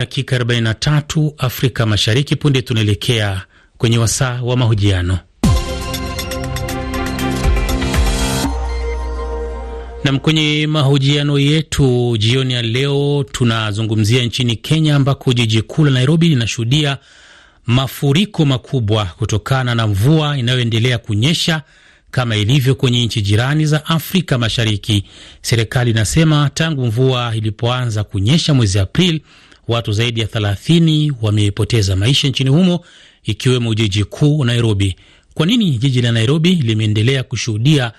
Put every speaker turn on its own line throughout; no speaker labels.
Dakika 43 Afrika Mashariki. Punde tunaelekea kwenye wasaa wa mahojiano nam. Kwenye mahojiano yetu jioni ya leo, tunazungumzia nchini Kenya ambako jiji kuu la Nairobi linashuhudia mafuriko makubwa kutokana na mvua inayoendelea kunyesha kama ilivyo kwenye nchi jirani za Afrika Mashariki. Serikali inasema tangu mvua ilipoanza kunyesha mwezi Aprili watu zaidi ya 30 wamepoteza maisha nchini humo ikiwemo jiji kuu Nairobi. Kwa nini jiji la Nairobi limeendelea kushuhudia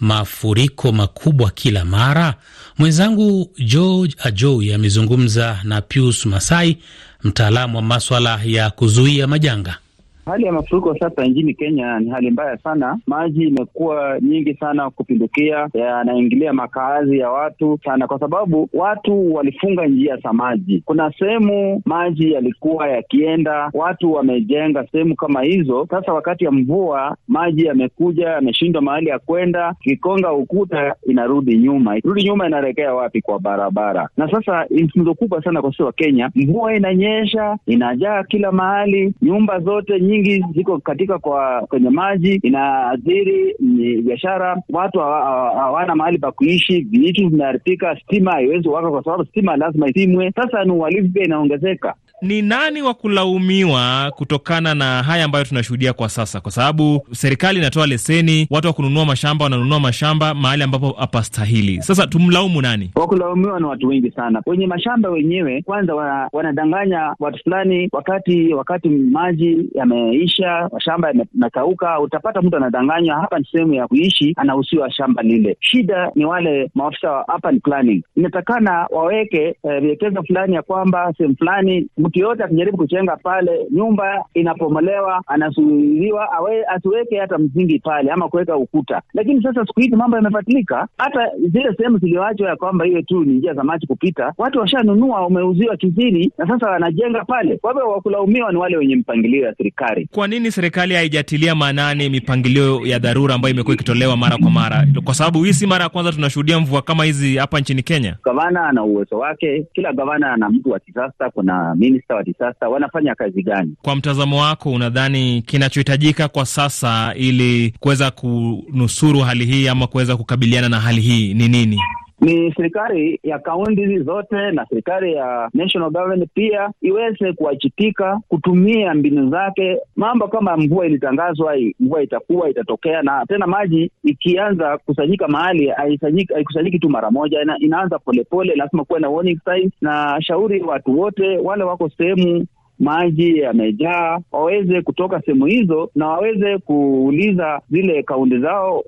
mafuriko makubwa kila mara? Mwenzangu George Ajoi amezungumza na Pius Masai, mtaalamu wa maswala ya kuzuia majanga.
Hali ya mafuriko sasa nchini Kenya ni hali mbaya sana. Maji imekuwa nyingi sana kupindukia, yanaingilia makaazi ya watu sana, kwa sababu watu walifunga njia za maji. Kuna sehemu maji yalikuwa yakienda, watu wamejenga sehemu kama hizo. Sasa wakati ya mvua, maji yamekuja, yameshindwa mahali ya kwenda, kikonga ukuta, inarudi nyuma, rudi nyuma, inaelekea wapi? Kwa barabara. Na sasa tatizo kubwa sana kwa sisi wa Kenya, mvua inanyesha, inajaa kila mahali, nyumba zote nyingi nyingi ziko katika kwa kwenye maji, inaathiri biashara, watu hawana mahali pa kuishi, vitu vinaharibika, stima haiwezi waka kwa sababu stima lazima isimwe. Sasa ni uhalifu pia inaongezeka.
Ni nani wa kulaumiwa kutokana na haya ambayo tunashuhudia kwa sasa? Kwa sababu serikali inatoa leseni, watu wa kununua mashamba wananunua mashamba mahali ambapo hapastahili. Sasa tumlaumu nani?
Wa kulaumiwa na watu wengi sana. Wenye mashamba wenyewe kwanza wa, wanadanganya watu fulani, wakati wakati maji yameisha, mashamba yamekauka, utapata mtu anadanganywa hapa ni sehemu ya kuishi, anahusiwa shamba lile. Shida ni wale maafisa wa urban planning, inatakana waweke viwekezo eh, fulani ya kwamba sehemu fulani mtu yoyote akijaribu kuchenga pale, nyumba inapomolewa, anasuiliwa, asiweke hata msingi pale ama kuweka ukuta. Lakini sasa siku hizi mambo yamefatilika, hata zile sehemu ziliyoachwa ya kwamba hiyo tu ni njia za maji kupita, watu washanunua, wameuziwa kizini na sasa wanajenga pale. Kwa hivyo wakulaumiwa ni wale wenye mpangilio ya serikali.
Kwa nini serikali haijatilia maanani mipangilio ya dharura ambayo imekuwa ikitolewa mara kwa mara? Kwa sababu hii si mara ya kwanza tunashuhudia
mvua kama hizi hapa nchini Kenya. Gavana ana uwezo wake, kila gavana ana mtu wa kisasa. Kuna mini mamasta wa kisasa wanafanya kazi gani?
Kwa mtazamo wako, unadhani kinachohitajika kwa sasa ili kuweza kunusuru hali hii ama kuweza kukabiliana na hali hii ni
nini? ni serikali ya kaunti hizi zote na serikali ya national government pia iweze kuachitika kutumia mbinu zake, mambo kama mvua ilitangazwa, mvua itakuwa itatokea, na tena maji ikianza kusanyika mahali haikusanyiki tu mara moja, ina, inaanza polepole lazima kuwe na warning signs, na shauri watu wote wale wako sehemu maji yamejaa, waweze kutoka sehemu hizo na waweze kuuliza zile kaunti zao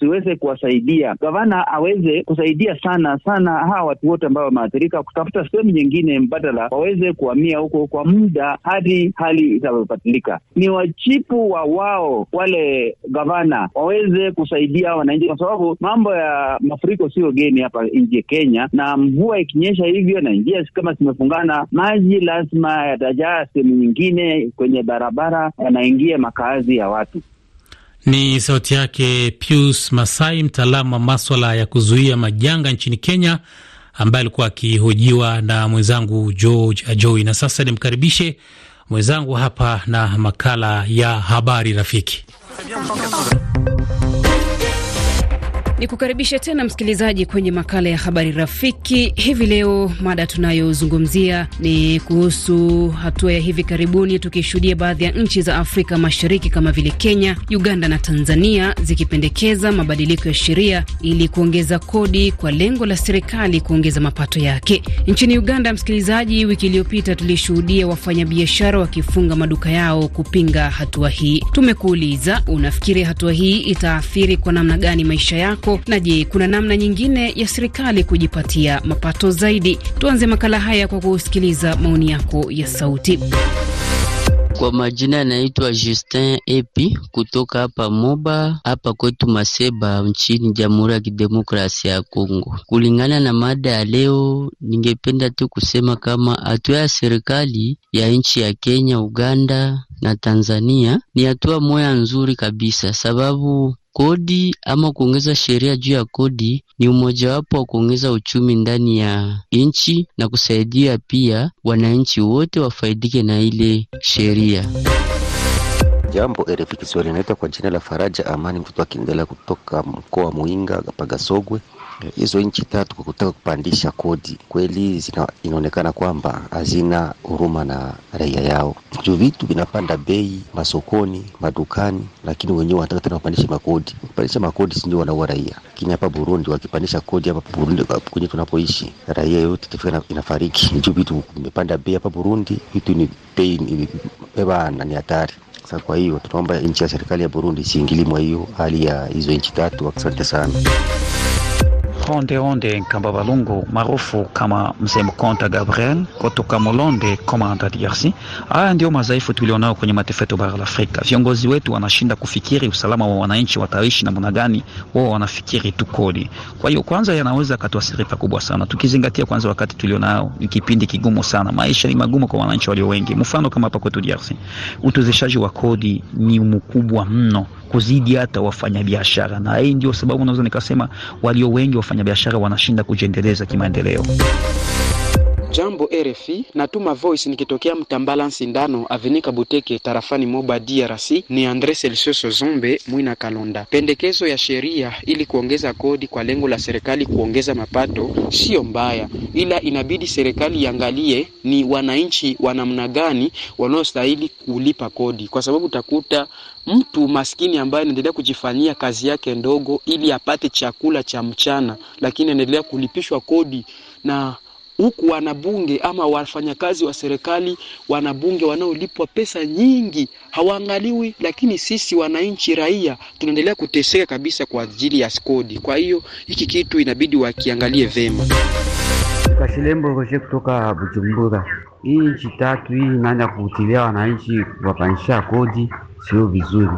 ziweze kuwasaidia. Gavana aweze kusaidia sana sana hawa watu wote ambao wameathirika, kutafuta sehemu nyingine mbadala, waweze kuhamia huko kwa muda hadi hali itakayopatilika. Ni wachipu wa wao wale gavana waweze kusaidia wananchi, kwa sababu mambo ya mafuriko sio geni hapa nchi ya Kenya, na mvua ikinyesha hivyo na njia kama zimefungana, maji lazima yatajaa kutoka sehemu nyingine kwenye barabara yanaingia makaazi ya watu.
Ni sauti yake Pius Masai, mtaalamu wa maswala ya kuzuia majanga nchini Kenya, ambaye alikuwa akihojiwa na mwenzangu George Ajoi. Na sasa nimkaribishe mwenzangu hapa na makala ya habari rafiki
ni kukaribisha tena msikilizaji kwenye makala ya habari rafiki. Hivi leo mada tunayozungumzia ni kuhusu hatua ya hivi karibuni tukishuhudia baadhi ya nchi za Afrika Mashariki kama vile Kenya, Uganda na Tanzania zikipendekeza mabadiliko ya sheria ili kuongeza kodi kwa lengo la serikali kuongeza mapato yake. Nchini Uganda, msikilizaji, wiki iliyopita tulishuhudia wafanyabiashara wakifunga maduka yao kupinga hatua hii. Tumekuuliza, unafikiri hatua hii itaathiri kwa namna gani maisha yako? kwako. Na je, kuna namna nyingine ya serikali kujipatia mapato zaidi? Tuanze makala haya kwa kusikiliza maoni yako ya sauti.
Kwa majina yanaitwa Justin Epi kutoka hapa Moba hapa kwetu Maseba nchini Jamhuri ya Kidemokrasia ya Kongo. Kulingana na mada ya leo, ningependa tu kusema kama hatua ya serikali ya nchi ya Kenya, Uganda na Tanzania ni hatua moya nzuri kabisa, sababu Kodi ama kuongeza sheria juu ya kodi ni umojawapo wa kuongeza uchumi ndani ya nchi na kusaidia pia wananchi wote wafaidike na ile sheria. Jambo RFI Kiswahili,
inaitwa kwa jina la Faraja Amani, mtoto wa Kindela kutoka mkoa wa Muinga Pagasogwe hizo nchi tatu kwa kutaka kupandisha kodi kweli zina, inaonekana kwamba hazina huruma na raia yao, juu vitu vinapanda bei masokoni, madukani, lakini wenyewe wanataka tena kupandisha makodi. Kupandisha makodi sindio wanaua raia, lakini hapa Burundi wakipandisha kodi hapa Burundi kwenye tunapoishi raia yote itafika inafariki, juu vitu vimepanda bei hapa Burundi, vitu ni bei beba na ni hatari. kwa hiyo tunaomba nchi ya serikali
ya Burundi isiingilimwa hiyo hali ya hizo nchi tatu. Asante sana. Rondeonde Nkamba Nkambabalungu maarufu kama Mzee Mkonta Gabriel kutoka Molonde Komanda, DRC. Haya ndio madhaifu tulionao kwenye mataifa yetu bara la Afrika. Viongozi wetu wanashinda kufikiri usalama wa wananchi wataishi namna gani, wao wanafikiri tu kodi. Kwa hiyo kwanza, yanaweza katuathiri pakubwa sana, tukizingatia kwanza wakati tulionao ni kipindi kigumu sana, maisha ni magumu kwa wananchi walio wengi. Mfano kama hapa kwetu DRC, utozeshaji wa kodi ni mkubwa mno kuzidi hata wafanyabiashara, na hii ndio sababu naweza nikasema walio wengi wafanya wafanyabiashara wanashinda kujiendeleza kimaendeleo.
Jambo RFI, natuma voice nikitokea Mtambala Sindano Avenika Buteke tarafani Moba DRC. Ni Andre Celsius Zombe Mwina Kalonda. Pendekezo ya sheria ili kuongeza kodi kwa lengo la serikali kuongeza mapato sio mbaya, ila inabidi serikali iangalie ni wananchi wa namna gani wanaostahili kulipa kodi, kwa sababu utakuta mtu maskini ambaye anaendelea kujifanyia kazi yake ndogo ili apate chakula cha mchana, lakini anaendelea kulipishwa kodi na huku wanabunge ama wafanyakazi wa serikali, wanabunge wanaolipwa pesa nyingi hawaangaliwi, lakini sisi wananchi raia tunaendelea kuteseka kabisa kwa ajili ya skodi. Kwa hiyo hiki kitu inabidi wakiangalie vema.
Kashilembo Roje kutoka Bujumbura. Hii nchi tatu hii inaanza kuutilia wananchi wapanisha kodi, sio vizuri.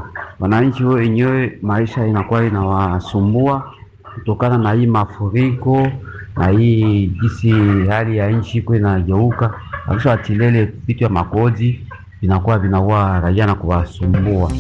Wananchi wenyewe maisha inakuwa inawasumbua kutokana na hii mafuriko na hii jinsi hali ya nchi iko inageuka akisha watilele vitu ya makodi vinakuwa vinaua raia na kuwasumbua.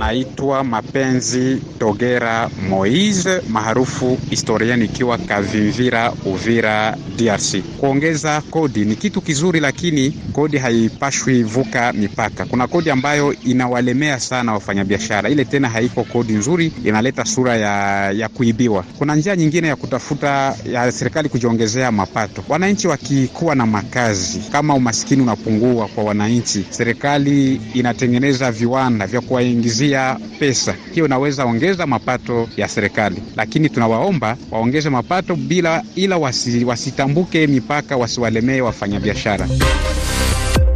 Naitwa Mapenzi Togera Moise maarufu historia, ikiwa Kavimvira, Uvira, DRC. Kuongeza kodi ni kitu kizuri, lakini kodi haipashwi vuka mipaka. Kuna kodi ambayo inawalemea sana wafanyabiashara, ile tena haiko kodi nzuri, inaleta sura ya, ya kuibiwa. Kuna njia nyingine ya kutafuta ya serikali kujiongezea mapato. Wananchi wakikuwa na makazi, kama umaskini unapungua kwa wananchi, serikali inatengeneza viwanda vya kuwaingizia ya pesa hiyo, unaweza ongeza mapato ya serikali, lakini tunawaomba waongeze mapato bila, ila wasi, wasitambuke mipaka, wasiwalemee wafanyabiashara.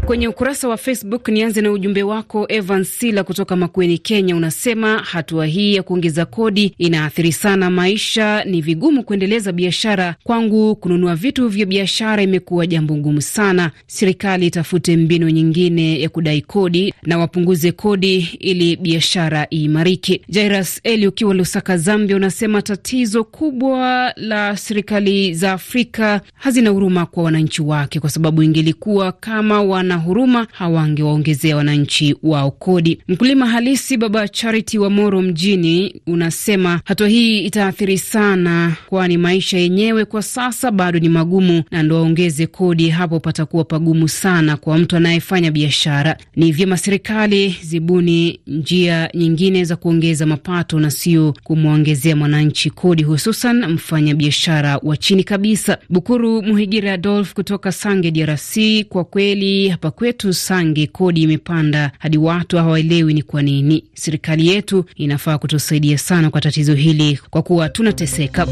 Kwenye ukurasa wa Facebook, nianze na ujumbe wako Evan Sila kutoka Makueni, Kenya. Unasema hatua hii ya kuongeza kodi inaathiri sana maisha, ni vigumu kuendeleza biashara. Kwangu kununua vitu vya biashara imekuwa jambo ngumu sana. Serikali itafute mbinu nyingine ya kudai kodi na wapunguze kodi ili biashara iimarike. Jairas Eli ukiwa Lusaka, Zambia, unasema tatizo kubwa la serikali za Afrika hazina huruma kwa wananchi wake, kwa sababu ingelikuwa kama wana na huruma hawangewaongezea wananchi wao kodi. Mkulima halisi Baba Charity wa Moro mjini unasema hatua hii itaathiri sana, kwani maisha yenyewe kwa sasa bado ni magumu, na ndo waongeze kodi hapo patakuwa pagumu sana kwa mtu anayefanya biashara. Ni vyema serikali zibuni njia nyingine za kuongeza mapato na sio kumwongezea mwananchi kodi, hususan mfanyabiashara wa chini kabisa. Bukuru Muhigira Adolf kutoka Sange, DRC. Kwa kweli hapa kwetu Sange kodi imepanda hadi watu hawaelewi ni kwa nini. Serikali yetu inafaa kutusaidia sana kwa tatizo hili, kwa kuwa tunateseka.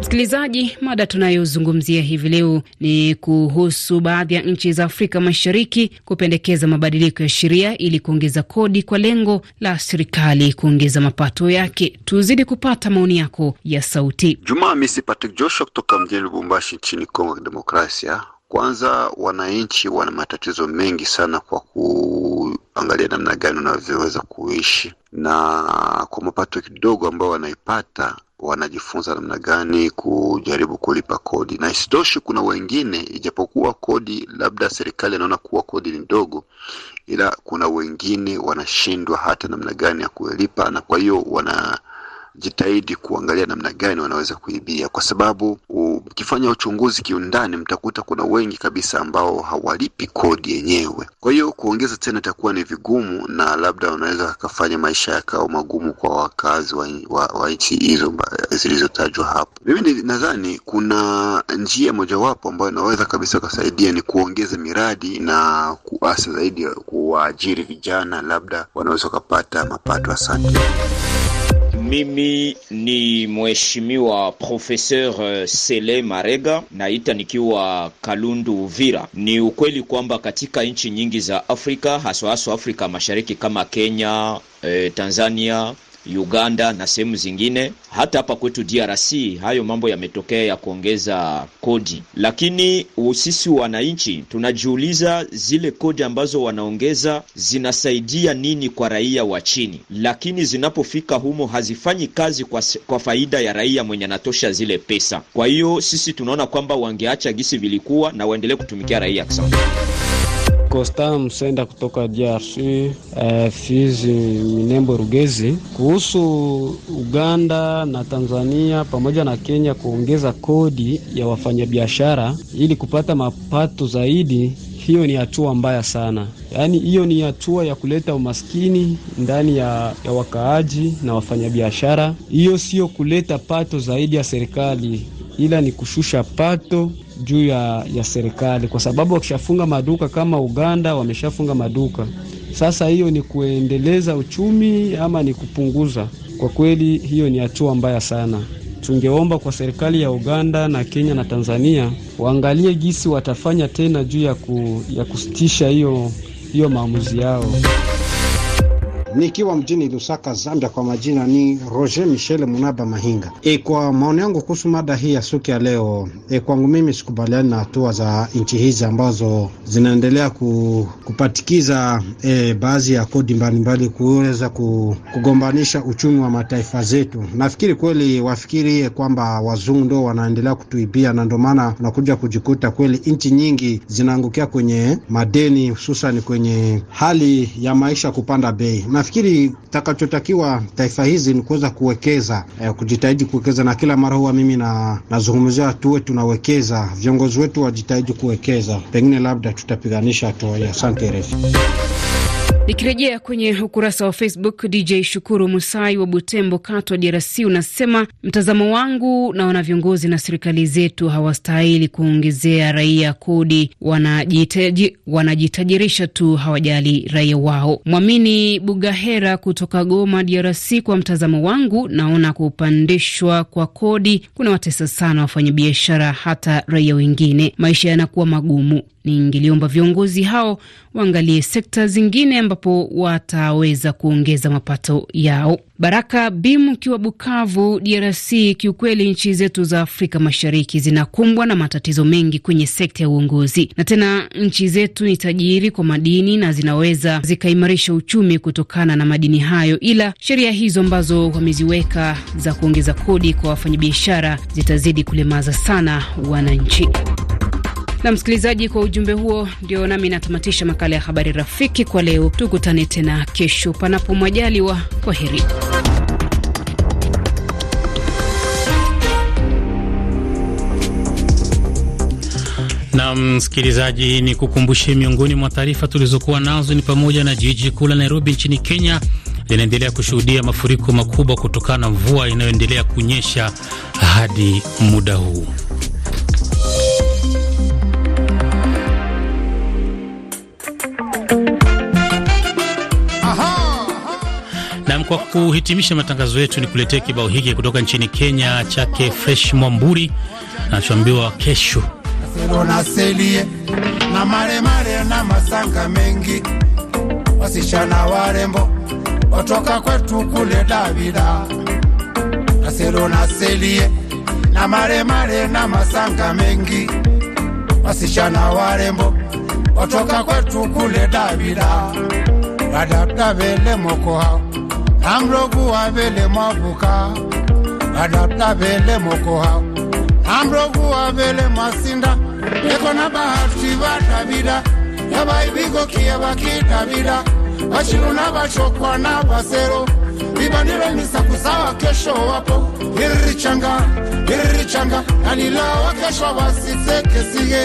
Msikilizaji, mada tunayozungumzia hivi leo ni kuhusu baadhi ya nchi za Afrika Mashariki kupendekeza mabadiliko ya sheria ili kuongeza kodi kwa lengo la serikali kuongeza mapato yake. Tuzidi kupata maoni yako ya sauti.
Jumaa Misi Patrick Joshua kutoka mjini Lubumbashi nchini Kongo ya Kidemokrasia. Kwanza, wananchi wana matatizo mengi sana kwa kuangalia namna gani wanavyoweza kuishi, na kwa mapato kidogo ambayo wanaipata wanajifunza namna gani kujaribu kulipa kodi, na isitoshi kuna wengine, ijapokuwa kodi labda serikali inaona kuwa kodi ni ndogo, ila kuna wengine wanashindwa hata namna gani ya kulipa, na kwa hiyo wana jitahidi kuangalia namna gani wanaweza kuibia, kwa sababu ukifanya uchunguzi kiundani, mtakuta kuna wengi kabisa ambao hawalipi kodi yenyewe. Kwa hiyo kuongeza tena itakuwa ni vigumu, na labda wanaweza wakafanya maisha yakao magumu kwa wakazi wa, wa, wa nchi hizo zilizotajwa hapo. Mimi nadhani kuna njia mojawapo ambayo inaweza kabisa kusaidia ni kuongeza miradi na kuasa zaidi kuwaajiri vijana, labda wanaweza wakapata mapato. Asante.
Mimi ni mheshimiwa profeseur eh, Sele Marega, naita nikiwa Kalundu Uvira. Ni ukweli kwamba katika nchi nyingi za Afrika haswa haswa Afrika Mashariki kama Kenya, eh, Tanzania Uganda na sehemu zingine, hata hapa kwetu DRC hayo mambo yametokea ya kuongeza kodi, lakini sisi wananchi tunajiuliza zile kodi ambazo wanaongeza zinasaidia nini kwa raia wa chini, lakini zinapofika humo hazifanyi kazi kwa, kwa faida ya raia mwenye anatosha zile pesa. Kwa hiyo sisi tunaona kwamba wangeacha gisi vilikuwa na waendelee kutumikia
raia. Kostan Msenda kutoka DRC, eh,
Fizi, Minembo, Rugezi.
Kuhusu Uganda na Tanzania pamoja na Kenya kuongeza kodi ya wafanyabiashara ili kupata mapato zaidi, hiyo ni hatua mbaya sana. Yaani hiyo ni hatua ya kuleta umaskini ndani ya, ya wakaaji na wafanyabiashara. Hiyo sio kuleta pato zaidi ya serikali, ila ni kushusha pato juu ya, ya serikali, kwa sababu wakishafunga maduka kama Uganda wameshafunga maduka sasa, hiyo ni kuendeleza uchumi ama ni kupunguza? Kwa kweli hiyo ni hatua mbaya sana. Tungeomba kwa serikali ya Uganda na Kenya na Tanzania waangalie gisi watafanya tena juu ya, ku, ya kusitisha hiyo hiyo maamuzi yao
nikiwa mjini Lusaka, Zambia. Kwa majina ni Roger Michel Munaba Mahinga. E, kwa maoni yangu kuhusu mada hii ya suki ya leo e, kwangu mimi sikubaliani na hatua za nchi hizi ambazo zinaendelea ku, kupatikiza e, baadhi ya kodi mbalimbali kuweza ku, kugombanisha uchumi wa mataifa zetu. Nafikiri kweli wafikiri kwamba wazungu ndo wanaendelea kutuibia, na ndo maana unakuja kujikuta kweli nchi nyingi zinaangukia kwenye madeni, hususan kwenye hali ya maisha kupanda bei na nafikiri takachotakiwa taifa hizi ni kuweza kuwekeza eh, kujitahidi kuwekeza, na kila mara huwa mimi na nazungumzia watu wetu, tunawekeza, viongozi wetu wajitahidi kuwekeza, pengine labda tutapiganisha hatua. Asante refu.
Nikirejea kwenye ukurasa wa Facebook, DJ Shukuru Musai wa Butembo, Katwa, DRC, unasema mtazamo wangu, naona viongozi na serikali zetu hawastahili kuongezea raia kodi, wanajitaji, wanajitajirisha tu, hawajali raia wao. Mwamini Bugahera kutoka Goma, DRC, kwa mtazamo wangu, naona kupandishwa kwa kodi kuna watesa sana wafanyabiashara, hata raia wengine, maisha yanakuwa magumu. Ningeliomba viongozi hao waangalie sekta zingine ambapo wataweza kuongeza mapato yao. Baraka Bim ukiwa Bukavu, DRC. Kiukweli, nchi zetu za Afrika Mashariki zinakumbwa na matatizo mengi kwenye sekta ya uongozi, na tena nchi zetu ni tajiri kwa madini na zinaweza zikaimarisha uchumi kutokana na madini hayo, ila sheria hizo ambazo wameziweka za kuongeza kodi kwa wafanyabiashara zitazidi kulemaza sana wananchi. Na msikilizaji, kwa ujumbe huo ndio nami natamatisha makala ya habari rafiki kwa leo. Tukutane tena kesho, panapo mwajaliwa. Kwa heri.
Na msikilizaji, ni kukumbushe miongoni mwa taarifa tulizokuwa nazo ni pamoja na jiji kuu la Nairobi nchini Kenya linaendelea kushuhudia mafuriko makubwa kutokana na mvua inayoendelea kunyesha hadi muda huu. Nam, kwa kuhitimisha matangazo yetu, ni kuletea kibao hiki kutoka nchini Kenya chake Fresh Mwamburi anachoambiwa kesho
Aselo na selie na maremare na masanga mengi, wasichana warembo watoka kwetu kule Davida. Aselo na selie na maremare na masanga mengi, wasichana warembo watoka kwetu kule Davida, wadadabele moko hao Namrogu avele mavuka adapta vele mokoha Namrogu avele masinda eko na bahati vatabida yabaibigo kieva kitabida vashiruna vachokwa na vasero vibaniremisa kusawa kesho wapo iririchanga iririchanga nanilawa kesho wasisekesige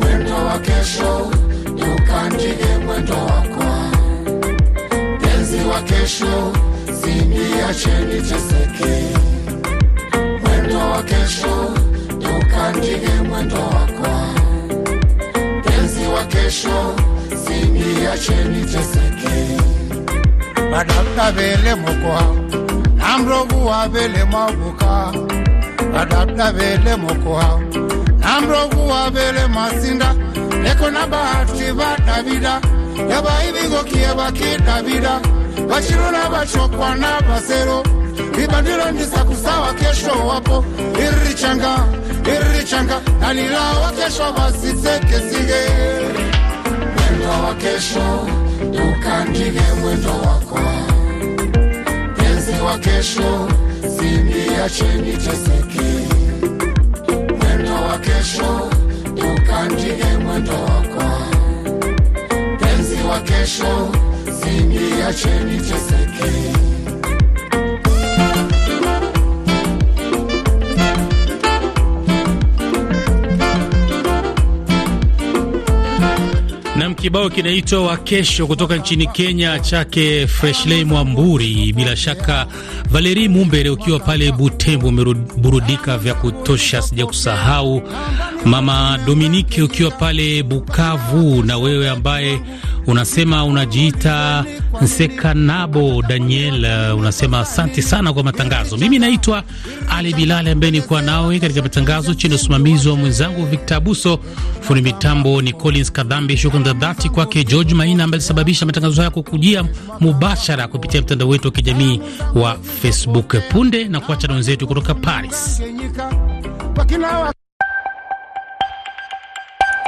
mwendo wa kesho niukandige mwendo wako uchaguzi wa kesho, sindiacheni Tshisekedi. Mwendo wa kesho niukandike mwendo wakwa, penzi wa kesho, sindiacheni Tshisekedi. Badapta vele mokwa wa vele mwabuka, badapta vele mokwa wa vele masinda leko na bahati badabida yabaibigokie bakidabida na vachokwana pasero ndisa kusawa kesho wapo iri irichanga iri richanga nanilawa kesho vasitsekesige mwendo wa kesho tukandige mwendo wako penzi wa kesho simbi cheni teseki mwendo wa kesho tukandige mwendo wako penzi wa kesho niacheni teseke.
Kibao kinaitwa wa kesho kutoka nchini Kenya chake Freshley Mwamburi. Bila shaka Valeri Mumbere, ukiwa pale Butembo umeburudika vya kutosha, sija kusahau mama Dominike ukiwa pale Bukavu, na wewe ambaye unasema unajiita Nsekanabo Daniel, uh, unasema asante sana kwa matangazo. Mimi naitwa Ali Bilali ambaye nikuwa nawe katika matangazo chini ya usimamizi wa mwenzangu Victor Abuso, fundi mitambo ni Collins Kadhambi. Shukrani za dhati kwake George Maina ambaye alisababisha matangazo haya kukujia mubashara kupitia mtandao wetu wa kijamii wa Facebook. Punde na kuacha na wenzetu kutoka
Paris.